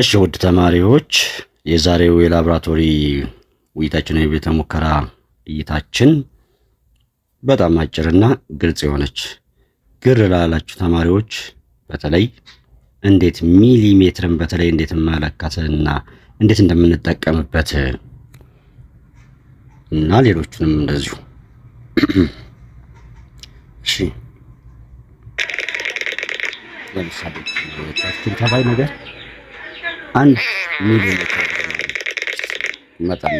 እሺ ውድ ተማሪዎች የዛሬው የላብራቶሪ ውይይታችን የቤተ ሙከራ እይታችን በጣም አጭርና ግልጽ የሆነች ግር ላላችሁ ተማሪዎች በተለይ እንዴት ሚሊሜትርን በተለይ እንዴት መለካትና እንዴት እንደምንጠቀምበት እና ሌሎቹንም እንደዚሁ እሺ ለምሳሌ ተባይ ነገር አንድ ሚሊሜትር መጠን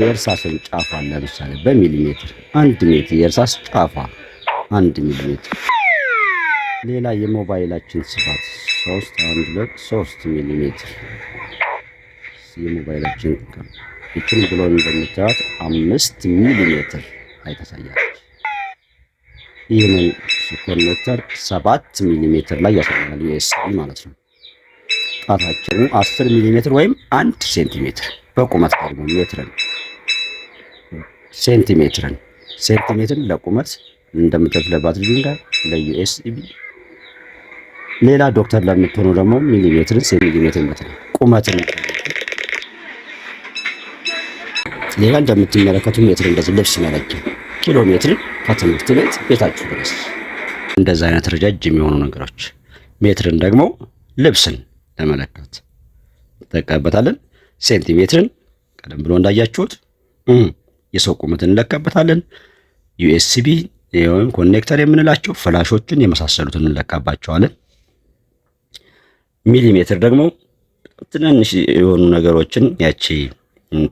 የእርሳስን ጫፏን ለምሳሌ በሚሊሜትር አንድ ሜትር የእርሳስ ጫፏ አንድ ሚሊሜትር፣ ሌላ የሞባይላችን ስፋት ሶስት አንድ ሁለት ሶስት ሚሊሜትር የሞባይላችን ይችን ብሎ እንደምታዩት አምስት ሚሊሜትር ላይ ይህንን ስኮኔክተር ሰባት ሚሊሜትር ላይ ያሳያል ዩኤስቢ ማለት ነው። ጣት 10 ሚሊ ሜትር ወይም 1 ሴንቲሜትር በቁመት ደግሞ ሜትርን ሴንቲሜትርን ሴንቲሜትር ለቁመት እንደምትለፍ ለባትሪ ድንጋይ ለዩኤስቢ ሌላ ዶክተር ለምትሆኑ ደግሞ ሚሊ ሴንቲሜትር ማለት ነው። ቁመትን ሌላ እንደምትመለከቱ ሜትር እንደዚህ ልብስ መለኪያ ኪሎ ሜትር ከትምህርት ቤት ቤታችሁ ድረስ እንደዛ አይነት ረጃጅም የሆኑ ነገሮች ሜትርን ደግሞ ልብስን ተመለከት እንጠቀምበታለን። ሴንቲሜትርን ቀደም ብሎ እንዳያችሁት የሰው ቁመት እንለካበታለን። ዩኤስቢ ወይም ኮኔክተር የምንላቸው ፍላሾችን የመሳሰሉትን እንለካባቸዋለን። ሚሊሜትር ደግሞ ትንንሽ የሆኑ ነገሮችን ያቺ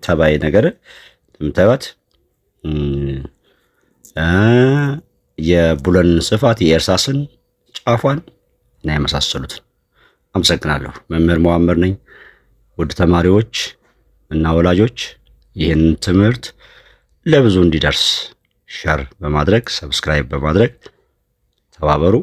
ተባይ ነገር የምታዩት የቡለን ስፋት የእርሳስን ጫፏን እና የመሳሰሉትን አመሰግናለሁ። መምህር መዋምር ነኝ። ውድ ተማሪዎች እና ወላጆች ይህንን ትምህርት ለብዙ እንዲደርስ ሸር በማድረግ ሰብስክራይብ በማድረግ ተባበሩ።